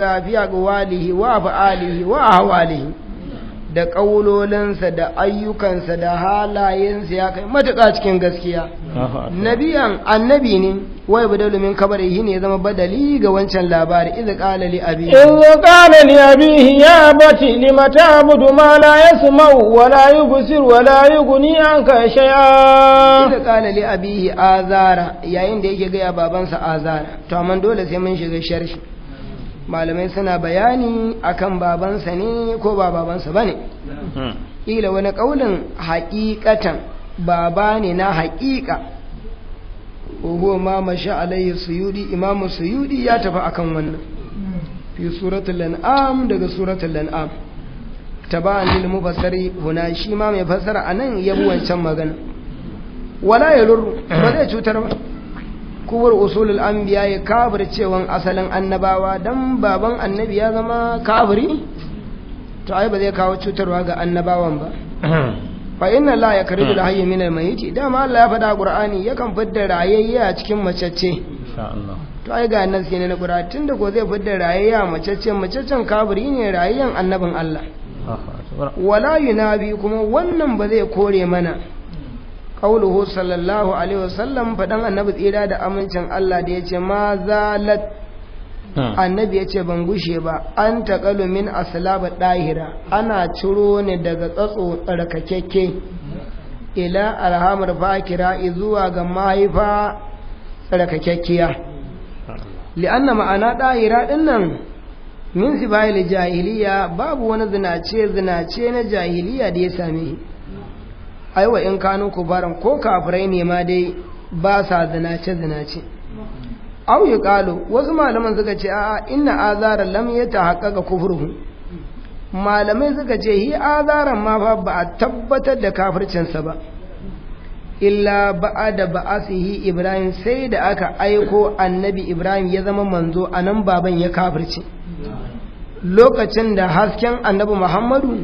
ga walihi wa af'alihi wa ahwalihi da ƙaulolinsa da ayyukansa da halayensa ya kai matuƙa cikin gaskiya nabiyan annabi ne wai badalu min kabarihi ne zama badali ga wancan labari idza qala li abi idza qala li abihi ya bati limata budu ma la yasma'u wa la yubsir wa la yughni anka shay'a idza qala li abihi azara yayin da yake ga babansa azara to amma dole sai mun shiga sharhi malamai suna bayani akan babansa ne ko ba babansa ba ne ƙila hmm. wani ƙaunin haƙiƙatan baba ne na haƙiƙa huwa ma mashi alayhi suyudi imamu suyudi ya tafi akan wannan fi suratun lan'am daga lan'am. Ta ba a nilmu fasari huna shi ma mai fasara anan yabi wancan magana wala ya lura ba zai cutar ba kuwar usulul anbiya ya kafir cewan asalin annabawa dan baban annabi ya zama kafiri to ai ba zai kawo cutarwa ga annabawan ba fa inna la ya karibu da hmm. hayyi min almayiti Allah ya faɗa qur'ani yakan fidda rayayya a cikin macece to ai ga annabi ne na qur'ani tunda ko zai fidda rayayya macece macecen kafiri ne rayayyan annabin Allah wala yunabi kuma wannan ba zai kore mana qawluhu sallallahu alaihi wasallam fadan annabi tsira da amincin Allah da yace ma zalat annabi yace ban gushe ba an taqalu min aslab dahira ana ciro ne daga tsatso tsarkakekke ila alhamar fakira zuwa ga mahaifa tsarkakekkiya li'anna ma'ana dahira dinnan min sibayil jahiliya babu wani zinace zinace na jahiliya da ya same aiwa in kanu kubaran ko kafirai ne ma dai ba sa zinace zinace au yi ƙalo wasu malaman suka ce a'a inna azara lam ya ta ga kufurhu malamai suka ce hi azaran ma fa ba a tabbatar da kafircinsa ba illa ba'a da yi ibrahim sai da aka aiko annabi ibrahim ya zama manzo a nan baban ya kafirce lokacin da hasken annabi muhammadu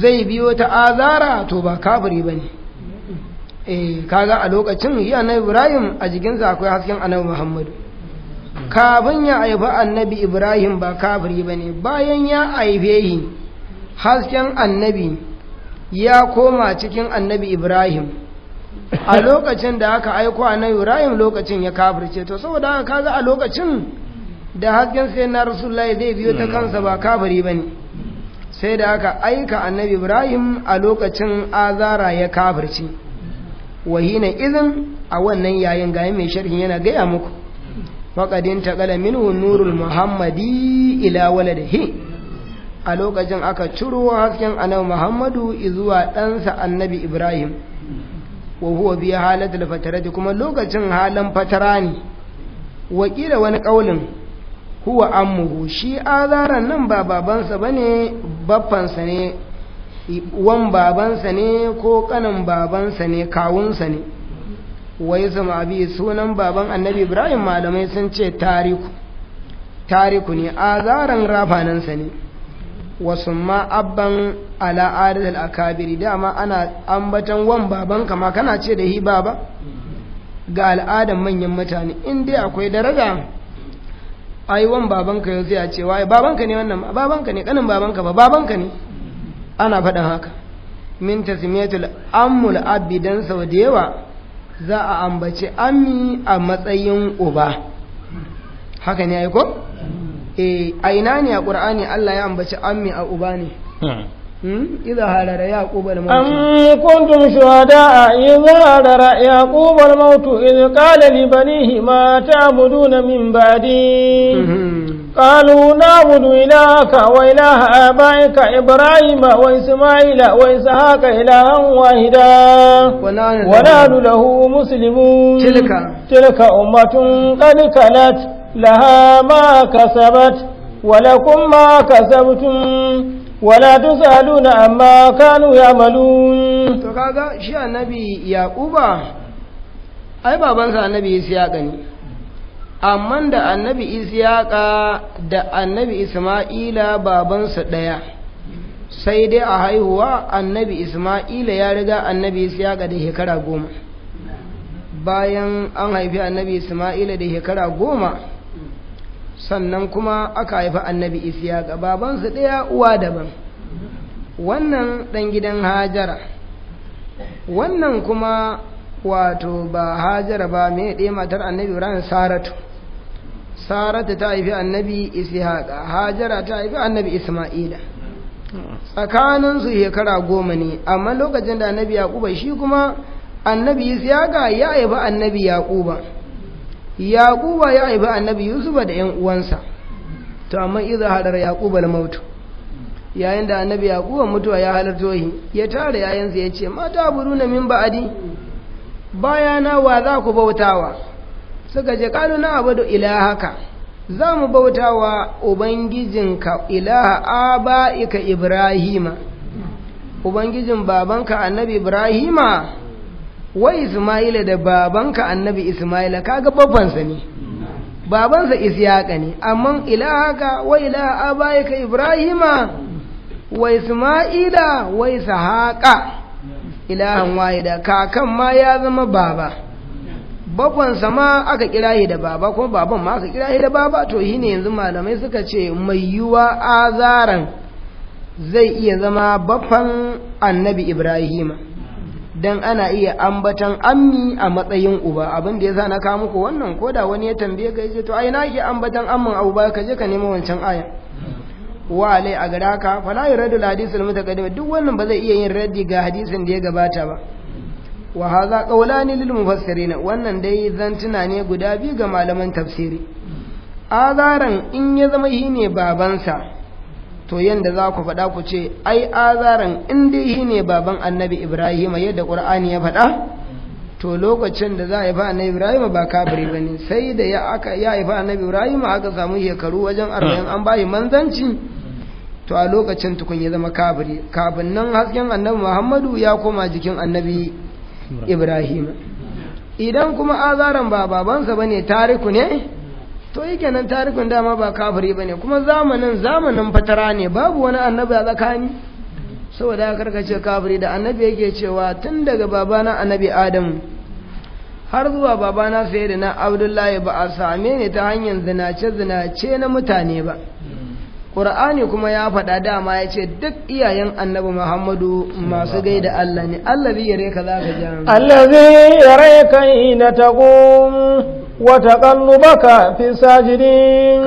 zai biyo ta azara to ba kafiri ba ne Ka eh, kaga a lokacin yi annabi ibrahim a jikinsa akwai hasken annabi muhammadu kafin ya haifi annabi ibrahim ba kafiri ba ne bayan ya haife shi hasken annabi ya koma cikin annabi ibrahim a lokacin da aka aiko annabi ibrahim lokacin ya kafirce to saboda haka kaga a lokacin da hasken sai na rasulullahi zai biyo ta hmm. kansa ba kabari ba ne sai da aka aika annabi ibrahim a lokacin azara ya kafirci wahina izin a wannan yayin gayan mai sharhi yana gaya muku faƙadin taƙala minhu nurul muhammadi ila he. a lokacin aka ciro hasken annabi muhammadu zuwa ɗansa annabi ibrahim wa huwa biya halatul fatarati kuma lokacin halan fatara ne wakila wani ƙaulin huwa ammuhu shi azaran nan ba babansa bane baffansa ne wan babansa ne ko kanin babansa ne kawunsa ne wai zama abi sunan baban annabi ibrahim malamai sun ce tariku tariku ne azaran rafanansa ne wasu ma abban ala akabiri dama ana ambatan wan baban kama kana ce da hi baba ga al'adan manyan mutane in dai akwai daraja ai wan babanka yau zai a ce wai babanka ne wannan babanka ne kanin babanka ba babanka ne ana faɗin haka min tasmiyatul ammul abbi don sau da yawa za a ambaci ammi a matsayin uba haka ne ai ko eh aina ne a qur'ani Allah ya ambaci ammi a uba ne hmm. إذا هالر يعقوب الموت أم كنتم شهداء إذا هالر يعقوب الموت إذ قال لبنيه ما تعبدون من بعدي قالوا نعبد إلهك وإله آبائك إبراهيم وإسماعيل وإسحاق إلها واحدا ونال له مسلمون تلك تلك أمة قد كلت لها ما كسبت ولكم ما كسبتم wala tun tusaluna amma kanu ya'malun to kaga shi annabi yaquba ai babansa annabi ishaqa ne amma da annabi ishaqa da annabi isma'ila babansa ɗaya, sai dai a haihuwa annabi isma'ila ya riga annabi ishaqa da shekara goma bayan an haifi annabi isma'ila da shekara goma sannan kuma aka haifi annabi isiya ga babansu ɗaya uwa daban wannan ɗan gidan hajara wannan kuma wato ba hajara ba mai ɗaya matar annabi ibrahim saratu saratu ta haifi annabi ishaqa hajara ta haifi annabi isma'ila tsakaninsu shekara goma ne amma lokacin da annabi yaƙuba shi kuma annabi ga ya haifi annabi yaƙuba yaquba ya aibi annabi yusuf da yan uwansa to amma idza hadar yaquba al maut yayin da annabi yaquba mutuwa ya halarto shi ya tare yayansa ya ce mata buruna min ba'adi bayana wa za ku bautawa suka je kanu na abadu ilahaka za mu bautawa ubangijinka ilaha aba'ika ibrahima ubangijin babanka annabi ibrahima Wai isma'ila da babanka annabi isma'ila kaga babbansa ne babansa isyaqa ne amma ilahaka wa ilaha abayaka ibrahima wa isma'ila wa ishaqa ilahan wahida kakan ma ya zama baba babbansa ma aka kira da baba kuma baban ma aka kira da baba to shine yanzu malamai suka ce mai yiwa azaran zai iya zama babban annabi ibrahima dan ana iya ambatan ammi a matsayin uba abin da yasa na kawo muku wannan koda wani ya tambaye ka yace to ai na ki ambatan amman abu ka je ka nemo wancan aya wa alai a gara ka fala yuradu hadith al mutaqaddim duk wannan ba zai iya yin raddi ga hadisin da ya gabata ba wa hadha qawlani lil mufassirin wannan dai zantuna ne guda biyu ga malaman tafsiri azaran in ya zama shine babansa to yanda za ku faɗa ku ce ai azaran in dai shi ne baban annabi ibrahim yadda ƙur'ani ya faɗa to lokacin da za a haifa annabi ibrahim ba kafiri ba ne sai da ya aka ya haifa annabi ibrahim aka samu shekaru wajen arba'in an bayi manzanci to a lokacin tukun ya zama kafiri kafin nan hasken annabi muhammadu ya koma jikin annabi ibrahim idan kuma azaran ba babansa ba ne tariku ne to yi kenan tarikun dama ba kafiri ba ne kuma zamanin zamanin fatara ne babu wani annabi a tsakani saboda ya karkace kafiri da annabi yake cewa tun daga babana annabi adamu har zuwa babana sai da na abdullahi ba a same ni ta hanyar zinace-zinace na mutane ba ƙur'ani kuma ya faɗa dama ya ce duk iyayen annabi muhammadu masu gaida allah ne zai yare ka za ka allah zai yare ka ina ta وتقلبك في الساجدين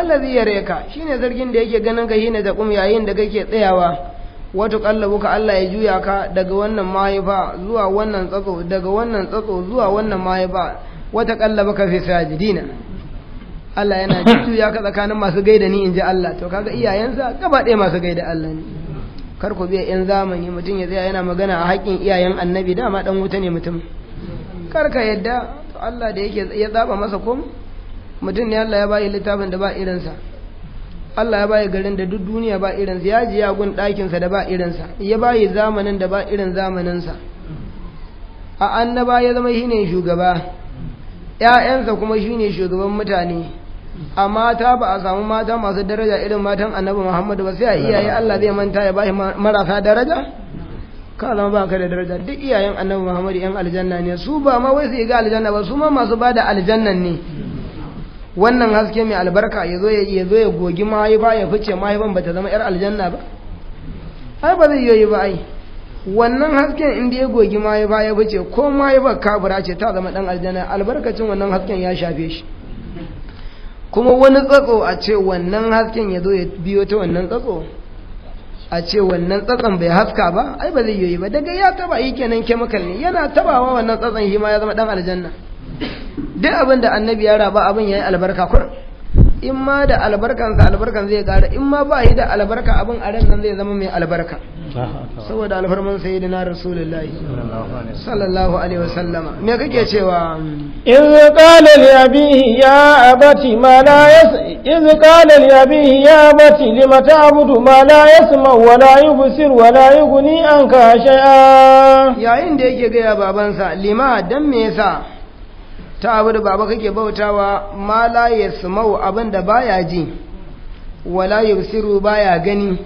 الذي يريك شيني زرجين da yake ganin ka shine da kum yayin da kake tsayawa wato kallabuka Allah ya juya ka daga wannan mahaifa zuwa wannan tsatso daga wannan tsatso zuwa wannan mahaifa wata kallabuka fi sajidina Allah yana juya ka tsakanin masu gaida ni inji Allah to kaga iyayensa gaba ɗaya masu gaida Allah ne kar ku biya yan zamani mutum ya tsaya yana magana a haƙƙin iyayen annabi dama dan wuta ne mutum kar ka yadda Allah da yake ya zaba masa kom mutum ne Allah ya bayi littafin da ba irinsa Allah ya bayi garin da duk duniya ba irinsa ya ji yagun ɗakinsa da ba irinsa ya bayi zamanin da ba irin zamaninsa a annaba ya zama shine shugaba ‘ya'yansa kuma shine shugaban mutane a mata ba a samu mata masu daraja irin matan annabi muhammadu ba sai a iyaye Allah zai manta ya bashi marasa daraja ka zama ba ka da daraja duk iyayen annabi muhammad yan aljanna ne su ba ma wai su ga aljanna ba su ma masu bada da aljannan ne wannan haske mai albarka ya zo ya zo ya gogi mahaifa ya fice mahaifan ba ta zama yar aljanna ba ai ba zai yi ba ai wannan hasken inda ya gogi mahaifa ya fice ko mahaifar kafira ce ta zama dan aljanna albarkacin wannan hasken ya shafe shi kuma wani tsatso a ce wannan hasken ya zo ya biyo ta wannan tsatso a ce wannan tsatsan bai haska ba ai ba zai yi ba daga ya taba yi kenan chemical ne yana tabawa wannan tsatsan shi ma ya zama dan aljanna duk abin da annabi ya raba abin yayi albarka kurin in ma da albarkansa albarkan zai kara in ma ba yi da albarka abin a ran nan zai zama mai albarka saboda alfarman sai da na rasulullahi sallallahu alaihi wasallam me kake cewa iz qala li abihi ya abati ma la yas iz qala li abihi ya abati lima ta'budu ma la yasma wa la yubsir wa la yughni anka shay'a yayin da yake ga babansa lima dan me yasa ta abu da baba kake bautawa ma la yasma'u abin da baya ji wala yusiru baya gani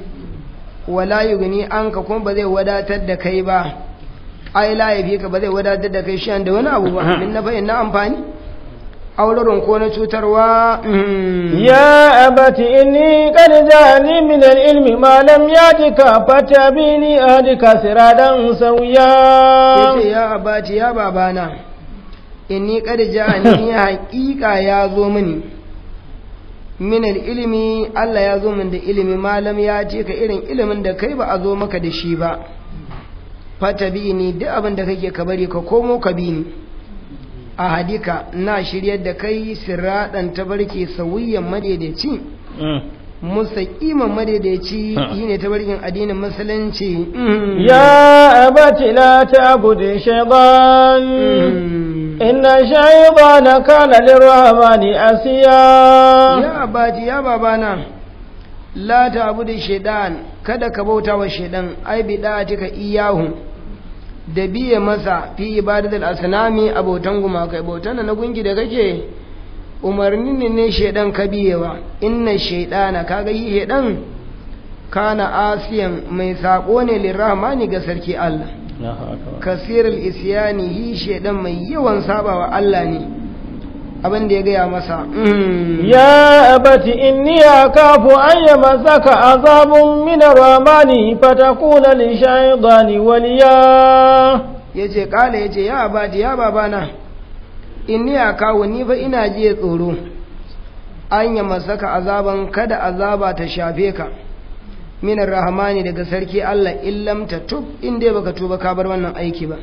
wala yugni anka kuma ba zai wadatar da kai ba ai la yafi ka ba zai wadatar da kai shi da wani abu ba min na fa'in na amfani auraron ko na cutarwa mm. ya abati inni kan jani min al-ilmi ma lam yatika fatabini adika siradan sawiya ya abati ya babana inni qad ja'ani haqiqa ya zo mini min ilimi Allah ya zo min da ilimi malam ya ce ka irin ilimin da kai ba a zo maka da shi ba fata bi ni duk abin da kake ka bari ka komo ka bi ni a hadika na shiryar da kai siradan tabarki sawiyan madaidaici mm. Musaƙiman madaidaici shine tabarkin addinin musulunci ya abati la ta'budu shaytan mm. inna shaytana kana a asiya ya abaji ya babana la ta'budu shaidan, kada ka bauta wa shaytan ai bida'atika iyahu da biye masa fi ibadatul asnami abotan gumakai bautan na gungi da kake umarnin ne shaidan ka biyewa inna shaidana kaga yi shaidan kana asiyan mai saƙo ne ni ga sarki Allah Kasir isyani yi shaidan mai yawan sabawa Allah ne abin da ya gaya masa hmm. ya abati inni kafu an yamasaka azabun min ar Ramani, fatakuna li shaytani waliya yace kala yace ya abati ya babana ya kawo, ni fa ina jiye tsoro an a azaban kada azaba ta shafe ka min rahmani daga sarki Allah illam tatub in dai baka tuba ka bar wannan aiki ba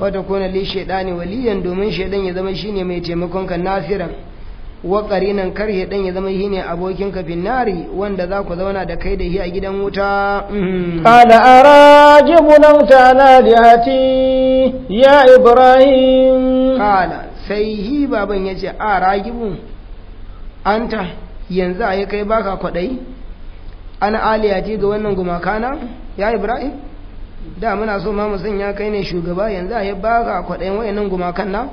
fa takuna li shaytani waliyan domin shaydan ya zama shine mai taimakon ka nasiran wa qarinan kar ɗan ya zama shine abokin ka finnari wanda za ku zauna da kai da shi a gidan wuta mm. qala arajibun tana lihati ya ibrahim qala sai hi baban yace aragibun anta yanzu a kai baka kwadai ana aliyati ga wannan gumakana na ya ibrahim da muna so ma musan ya kai ne shugaba yanzu a yi baka kwaɗayin wayannan gumakan na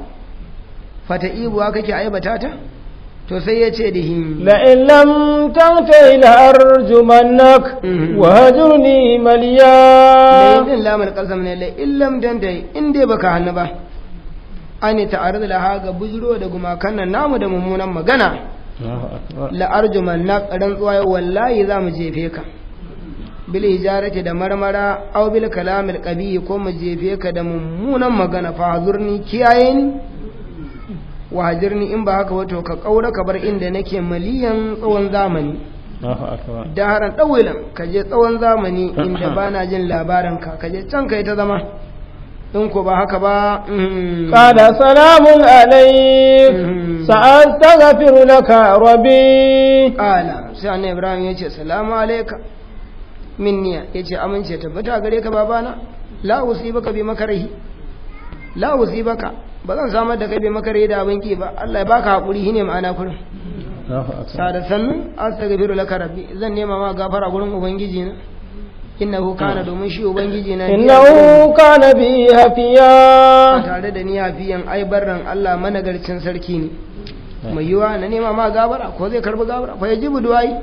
fata ibuwa kake aibata ta to sai ya ce dihi la'in lam tanfai la arjumannak mhm. wa hajurni maliya la'in lamar ƙasar ne la'in lam tanfai in dai baka hannu ba ani ta'arud laha ga bujiro da gumakan nan namu da mummunan magana la'arjuman na ƙarin tsuwaye wallahi za mu jefe ka bil hijarati da marmara au bil kalamil qabi ko mu jefe ka da mummunan magana fa hazurni kiyaye ni wa hajirni in ba haka wato ka kaura ka bar inda nake maliyan tsawon zamani da haran dawilan ka je tsawon zamani inda bana jin labarin ka ka je can kai ta zama in ko ba haka ba kada mm. salamun alaik mm. sa'an tagafiru laka rabbi ala sai annabi ibrahim ya ce salamu alayka minni ya ce amince tabbata gare ka babana la usibaka bi makarihi la usibaka ba zan samar da kai bi makarihi da abin ba Allah ya baka hakuri shine ma'ana kurin sada sannu astaghfiru laka rabbi zan nema ma gafara gurin ubangiji na inna kana ah. domin shi ubangiji na innahu kana bi tare da niyafiyan hafiyan ai barran Allah managarcin sarki ne eh. mai yiwa na ma gabara ko zai karbi gabara fa yajibu du'ai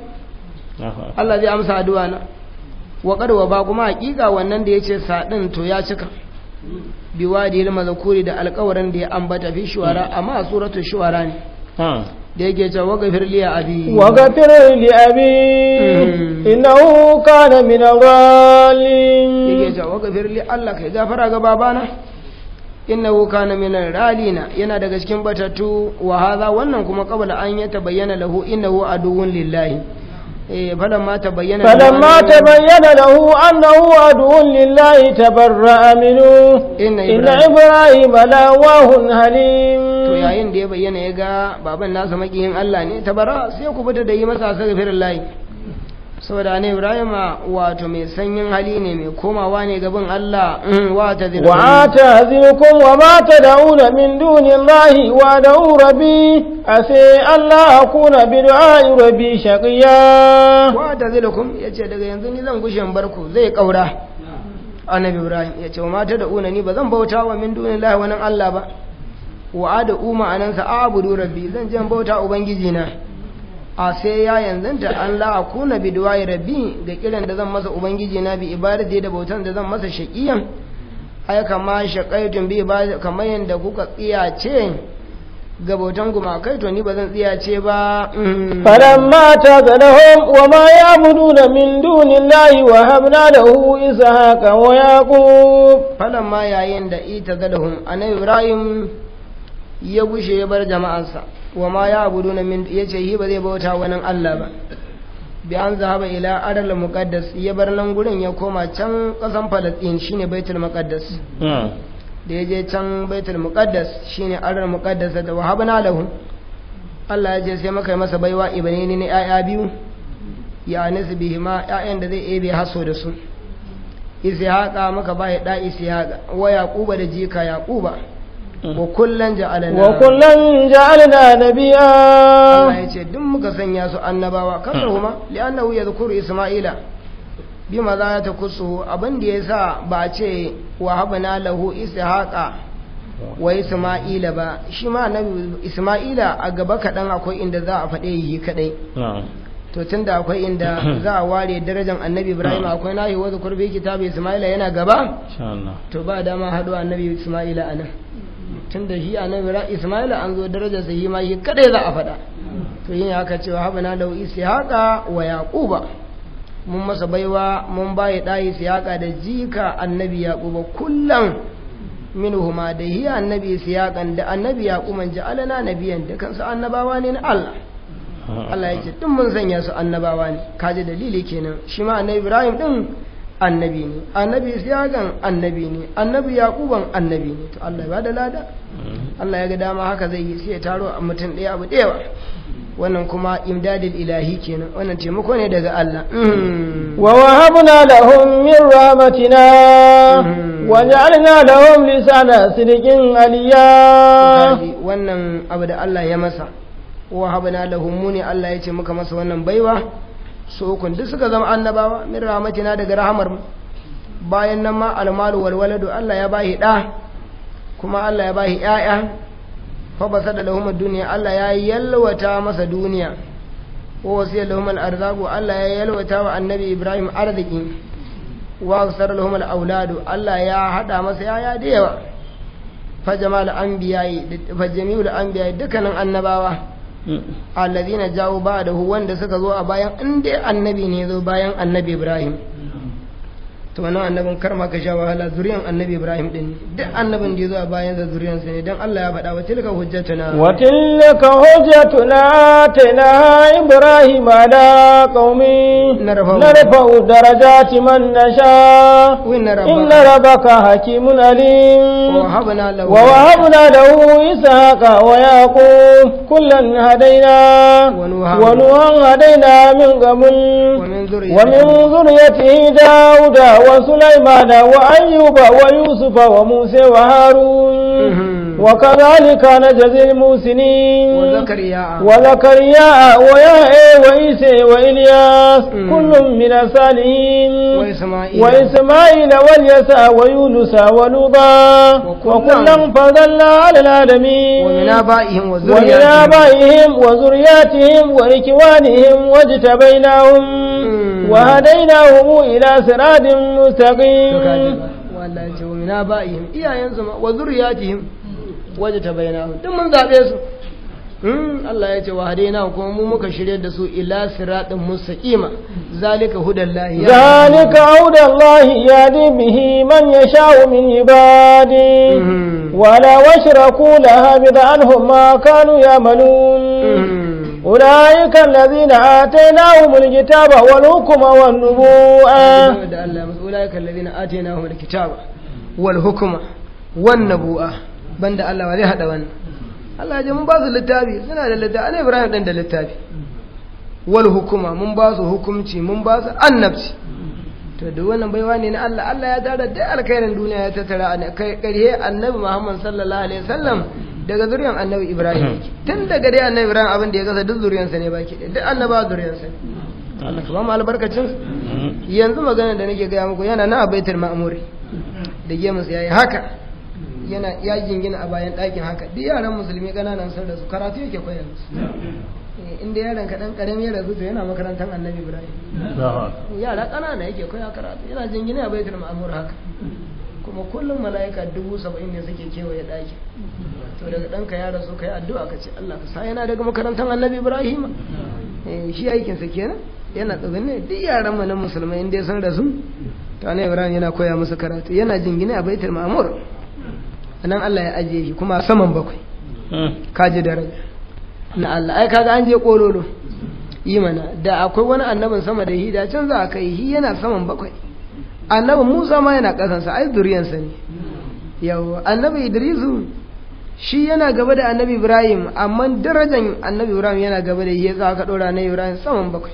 Allah zai amsa addu'a na wa ba kuma hakika wannan da yace sadin to ya cika biwadi al mazkuri da alƙawarin da ya ambata fi shuwara hmm. amma suratu shuwara ne da yake cewa wa gafir li abi wa gafir li abi hmm. innahu kana min al yake cewa wa gafir li Allah kai gafara ga babana innahu kana min al-ghalina yana daga cikin batatu wa hadha wannan kuma kabla an ya tabayyana lahu innahu aduwwun lillahi فلما تبين فلما تبين lahu annahu عدو lillahi tabarra'a minhu inna ibrahima lawahun halim yayin da ya bayyana ya ga baban nasa makiyin Allah ne tabara sai ku fita da yi masa astaghfirullah layi saboda ne ibrahim wato mai sanyin hali ne mai komawa ne gaban Allah mm, wa ta zirkum wa ta zirkum wa ma da'una min lahi wa da'u rabbi ase Allah akuna bi du'a'i rabbi shaqiya wa ta zirkum yace daga yanzu ni zan gushin barku zai kaura annabi ibrahim yace wa ma da'una ni bazan bauta wa min dunillahi wa nan Allah ba wa da u ma'anansa abudu rabbi zan jan bauta ubangiji na a sai ya yanzanta an la kuna bi duwai rabbi ga kiran da zan masa ubangiji na bi ibadati da bautan da zan masa shaqiyan ai kama shaqaitun bi ibadati kamar yanda kuka tsiyace ga bautan gumakai to ni ba zan tsiyace ba falamma tazalahum wa ma ya'buduna min dunillahi wa habna lahu ishaqa wa yaqub ma yayin da ita itazalahum anay ibrahim ya gushe ya bar jama'arsa wa ma ya abu duna min ya ce shi ba zai bauta wani Allah ba bi an zahaba ila adal muqaddas ya bar nan gurin ya koma can kasan Falastin shine Baitul Muqaddas hmm. da ya je can Baitul Muqaddas shine adal muqaddas da wahabna lahu Allah ya ce sai muka yi masa baiwa ni na yaya biyu ya ma ayyan da zai ebe haso da su Isi haka muka bai da haka wa yaquba da jika yaquba Mhm. wa kullan ja’alina a nabiya amma ya ce dun muka sanya su annabawa hmm. kamar kuma liyanna wuyar zukur isma’ila bi ma za ta kusu abinda ya sa ba ce wa haɓa na lahu isa haƙa wa isma’ila ba shi ma na isma’ila a gaba kaɗan akwai inda za a faɗe yi kaɗai hmm. to tun da akwai inda za a ware darajar annabi ibrahim hmm. akwai nahi wazukur bai kitabu isma'ila yana gaba to ba dama hadu annabi isma'ila a nan tun da shi wira Isma'ila an zo darajar sa shi ma shi kadai za a faɗa to yin haka cewa habana lahu ishaqa wa yaquba mun masa baiwa mun bayi da ishaqa da jika annabi yaquba kullan minhuma da hi annabi ishaqan da annabi yaquman ja'alana nabiyan da kansu annabawa ne na Allah Allah ya ce tun mun sanya su annabawa ne kaje dalili kenan shi ma annabi Ibrahim ɗin. annabi ne annabi siyagan annabi ne annabi yaquban annabi ne to Allah ba da lada mm-hmm. Allah ya ga dama haka zai yi sai taro a mutum daya abu daya wannan kuma imdadil ilahi kenan wannan taimako ne daga Allah mm. wa wahabna lahum min rahmatina mm. wa ja'alna lahum lisana sidqin aliya wannan abu da Allah ya masa wa habana lahum muni Allah ya ce muka masa wannan baiwa su ukun duk suka zama annabawa min rahmatina daga rahamar mu bayan nan ma almalu wal waladu Allah ya bahi da kuma Allah ya bahi ƴaƴa fa basada lahum ad-dunya Allah ya yalwata masa duniya wa wasiya lahum al-arzaqu Allah ya yalwata wa annabi Ibrahim arziki wa aksar lahum al-auladu Allah ya hada masa yaya da yawa fa jama'al anbiya'i fa jami'ul anbiya'i dukkanin annabawa zina jawo ba da wanda suka zo a bayan in dai annabi ne zo bayan annabi ibrahim to wani annabin kar ma ka sha wahala zuriyan annabi ibrahim din duk annabin da ya zo a bayan da zuriyan sa ne dan Allah ya faɗa wa tilka hujjatuna wa tilka hujjatuna tana ibrahim ala qaumi narfa'u darajati man nasha inna rabbaka hakimun alim wa wahabna lahu isaqa wa yaqub kullan hadaina wa nuha hadaina min qabl wa min dhurriyyatihi daud وسليمان وأيوب ويوسف وموسى وهارون وكذلك نجزي الموسنين وزكرياء وزكرياء ويحيى وعيسى وإلياس كل من الصالحين وإسماعيل وإسماعيل واليسع ويونس ولوطا وكلا فضلنا على العالمين ومن آبائهم وذرياتهم وذرياتهم وإخوانهم واجتبيناهم وهديناهم إلى صراط مستقيم ولا جونا بائهم إيا ينزم وذرياتهم waje ta bayyana duk mun zaɓe su hmm, Allah ya ce wa kuma mu muka shirye da su ila siratin mustaqima zalika hudallahi zalika hudallahi yadi bihi man yasha'u min ibadi hmm. wala washraku laha bid'anhum ma kanu ya'malun أولئك الذين آتيناهم الكتاب والحكم والنبوءة أولئك الذين آتيناهم الكتاب والحكم والنبوءة banda Allah wa zai hada wani Allah ya ji mun ba su littafi suna da littafi ana Ibrahim dan da littafi wal hukuma mun ba su hukumci mun ba su annabci to duk wannan baiwa ne na Allah Allah ya tara dai alkhairin duniya ya tattara a ƙarhe annabi Muhammad sallallahu alaihi wasallam daga zuriyar annabi Ibrahim tun daga dai annabi Ibrahim abin da ya kasa duk zuriyarsa ne baki da duk annaba zuriyarsa ne Allah ka ba mu albarkacin yanzu magana da nake gaya muku yana na baitul ma'muri da gemus yayi haka yana ya gingina a bayan ɗakin haka duk yaran musulmi ƙananan sun rasu karatu yake koyar su eh, inda yaran ka ɗan ƙarami ya rasu to yana makarantar annabi ibrahim yara ƙanana yake koya karatu yana jingina a baitul ma'amur haka kuma kullum mala'ika dubu saba'in ne suke kewaye ɗakin to daga ɗanka ya rasu ka yi addu'a ka ce Allah ka sa yana daga makarantar annabi Ibrahim eh, shi aikinsa kenan yana ne duk yaran mu na musulmai inda ya san rasu to annabi Ibrahim yana koya musu karatu yana jingina a baitul ma'amur nan Allah ya ajiye shi kuma saman bakwai hmm. kaji daraja na Allah ai kaga an je kololo yi mana da akwai wani annabin sama da hida da can za a kai hi yana saman bakwai annabin Musa ma yana kasansa ai sa ne yau annabi Idrisu shi yana gaba da annabi Ibrahim amma darajan annabi Ibrahim yana gaba da hi ya aka dora na Ibrahim saman bakwai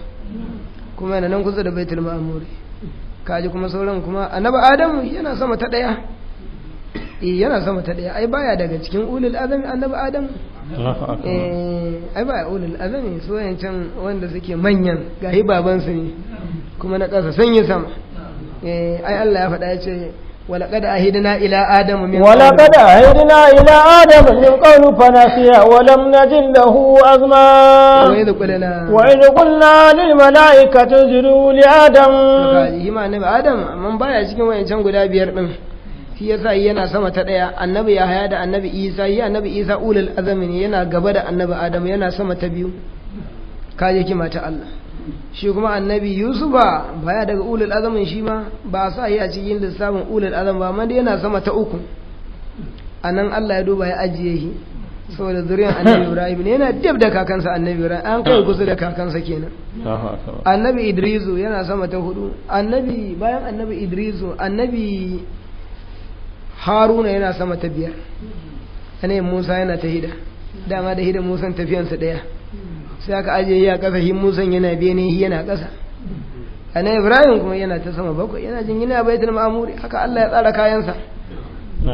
kuma yana nan kusa da Baitul Ma'mur kaji kuma sauran kuma annabi Adamu yana sama ta daya eh yana sama ta daya ai baya daga cikin ulul azami annabi adam eh ai baya ulul azami soyayen wanda suke manyan gahi baban su ne kuma na kasa sanya sama eh ai Allah ya faɗa ya ce ولقد أهدنا إلى آدم من ولقد أهدنا إلى آدم من قول فنسي ولم نجد له أزما وإذ قلنا وإذ قلنا للملائكة اسجدوا لآدم هما نبي آدم من بايع cikin wayancan guda biyar din shi yasa yana sama ta ɗaya annabi yahaya da annabi isa yi annabi isa ulul azami ne yana gaba da annabi adam yana sama ta biyu kaje kima ta Allah shi kuma annabi yusufa baya daga ulul azamin shi ma ba sa yi a cikin lissafin ulul azam ba amma yana sama ta uku A nan Allah ya duba ya ajiye shi saboda zuriyar annabi ibrahim ne yana dab da kakansa annabi ibrahim an kai kusa da kakansa kenan annabi idrisu yana sama ta hudu annabi bayan annabi idrisu annabi haruna yana sama ta biyar anayin musa yana ta hida dama da hida musan tafiyansa daya sai aka ajiye ya kasa hin musan yana biye ne hi yana ƙasa anayin ibrahim kuma yana ta sama bakwai yana jin yana baitul ma'amuri haka allah ya tsara kayansa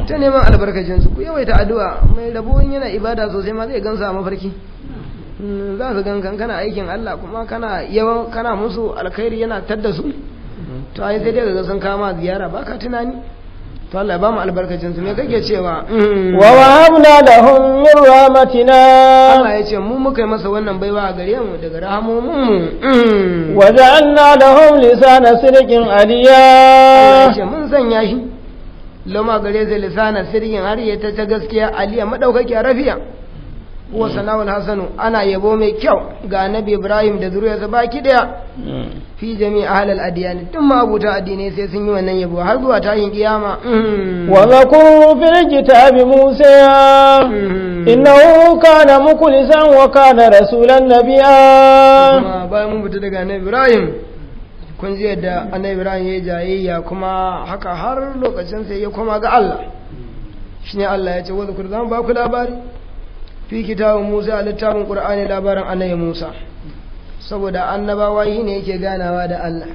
ta neman albarkacinsu ku yawaita addu'a mai rabon yana ibada sosai ma zai gansa mafarki hmm, za su gankan kana aikin Allah kuma kana yawan kana musu alkhairi yana tadda su hmm. to ai sai dai ga sun kama ziyara baka tunani to Allah ba mu albarkacin su ne kake cewa mm. wa wahabna lahum min rahmatina Allah ya ce mu muka yi masa wannan baiwa a gare mu daga rahamomin mu mm. wa ja'alna lahum lisana sirqin aliya Allah ya ce mun sanya shi Lama gare zai lisana sirqin har ya ta gaskiya aliya madaukaki rafiya Kuwa sanawar hasanu ana yabo mai kyau ga annabi ibrahim da zuriyarsa baki daya hmm. fi jami halal adiyani duk abuta addinai sai sun yi wannan yabo har zuwa tashin kiyama hmm. wa zakuru gita kitabi musa hmm. na muku mukhlisan wa na rasulan nabiyya bayan mun fita daga annabi ibrahim kun ji yadda annabi ibrahim ya jayayya kuma haka har lokacin sai ya koma ga Allah ne Allah ya ce wa zakur zan ba ku labari fi kitabun musa a littafin ƙur'ani labarin annabi musa saboda annabawa ne yake ganawa da Allah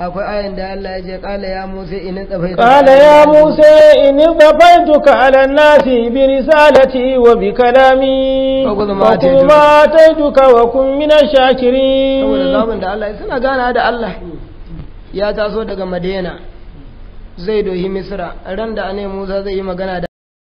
akwai ayin da Allah ya ce kala ya Musa in tsafaituka kala ya Musa in tsafaituka ala nasi bi risalati wa bi kalami wa kuma taituka wa kun min shakirin saboda zabin da Allah suna ganawa da Allah ya taso daga Madina zai dohi Misira ran da annabi Musa zai yi magana da